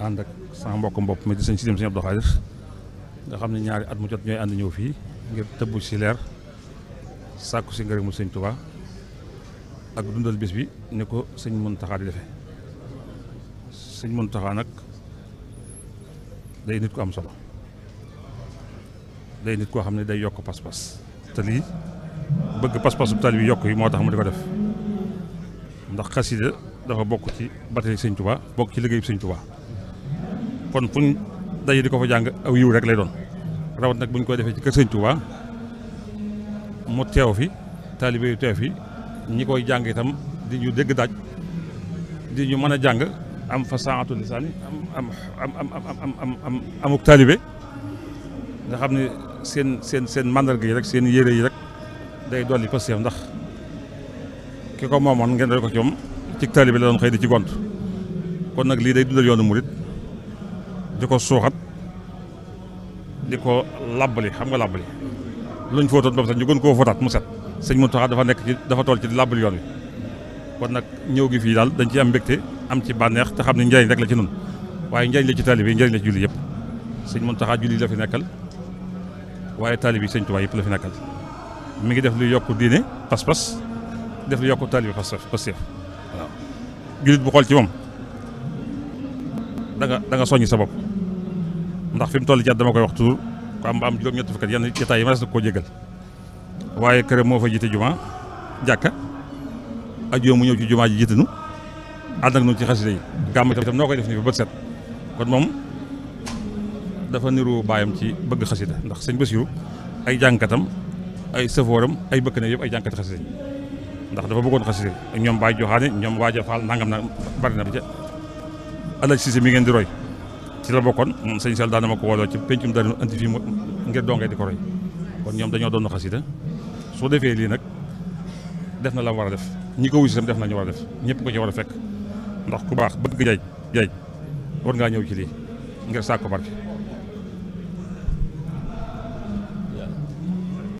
ànd ak sama mbokk mbopp mi di sëñ si dem sëñ Abdou Khadir nga xam ne ñaari at mu jot ñooy ànd ñëw fii ngir tëbb si leer sàkku si ngërëmu sëñ Touba ak dundal bis bi ni ko sëñ Mountakha di defe sëñ Mountakha nag day nit ku am solo day nit koo xam ne day yokk pas-pas te lii bëgg pas-pasu taalibe bi yokk yi moo tax mu di ko def ndax xasida dafa bokk ci batale sëñ Touba bokk ci liggéeyu sëñ Touba kon fuñ daje di ko fa jàng aw yiw rek lay doon rawat nag ñu koy defee ci kër sëñ Touba mu teew fi taalibe yu teew fi ñi koy jàng itam di ñu dégg daaj di ñu mën a jàng am fa saatu lisaani am am am am am am amuk taalibe nga xam ne seen seen seen mandarga yi rek seen yére yi rek day dolli pasteef ndax ki ko moomoon ngeen doy ko ci moom ci taalibe la doon xëy di ci gont kon nag lii day dundal yoonu murit di ko suuxat di ko labbali xam nga labbali luñ fóotoon ba mu set ñu gën koo fóotaat mu set sëñ Mountakha dafa nekk ci dafa tool ci labbali yoon wi kon nag ñëw gi fii daal dañ ci am mbégte am ci bànneex te xam ne njëriñ rek la ci noonu waaye njëriñ la ci taalibe yi njëriñ la ci julli yëpp sëñ Mountakha julli la fi nekkal waaye taalibe yi sëñ Tuubaa yëpp la fi nekkal mi ngi def lu yokk diine pas-pas def lu yokk taalibe pas-pas waaw jullit bu xool ci moom da nga da nga soññ sa bopp ndax fi mu toll jàdd dama koy wax toujours ku am ba am juróom-ñett fukkat yenn jotaay yi ma des na koo jégal waaye këram moo fa jiite juma jàkka ajjuma mu ñëw ci juma ji jiite nu ànd ak ñun ci xasida yi gàmm itam noo koy def nii ba bët set kon moom dafa niru baayam ci bëgg xasida ndax sëñ Basiru ay jànkatam ay sëfooram ay bëkk na yëpp ay jànkati xasida ndax dafa bëggoon xasida ñoom baay joxaane ñoom waaja faal nangam na bari na Alaaji Cissé mi ngeen di roy ci la bokkoon moom sëñ Sall daana ma ko wooloo ci pencum daal anti fii ngir dongee di ko roy kon ñoom dañoo doon xasida soo defee lii nag def na la war a def ñi ko wuy si def na ñu war a def ñëpp ko ci war a fekk ndax ku baax bëgg jaay jaay war ngaa ñëw ci lii ngir sàkku barke